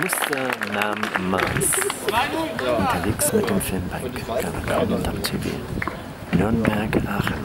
Musternamen Mars. Unterwegs mit dem Filmbike Kanal und am TV. Nürnberg, Aachen.